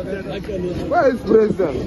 Where is president?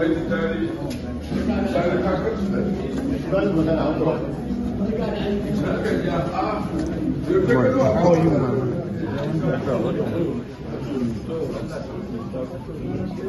Haydi tarih. Sen de kalkar mısın? Ben buradan aldım. Koyun bana.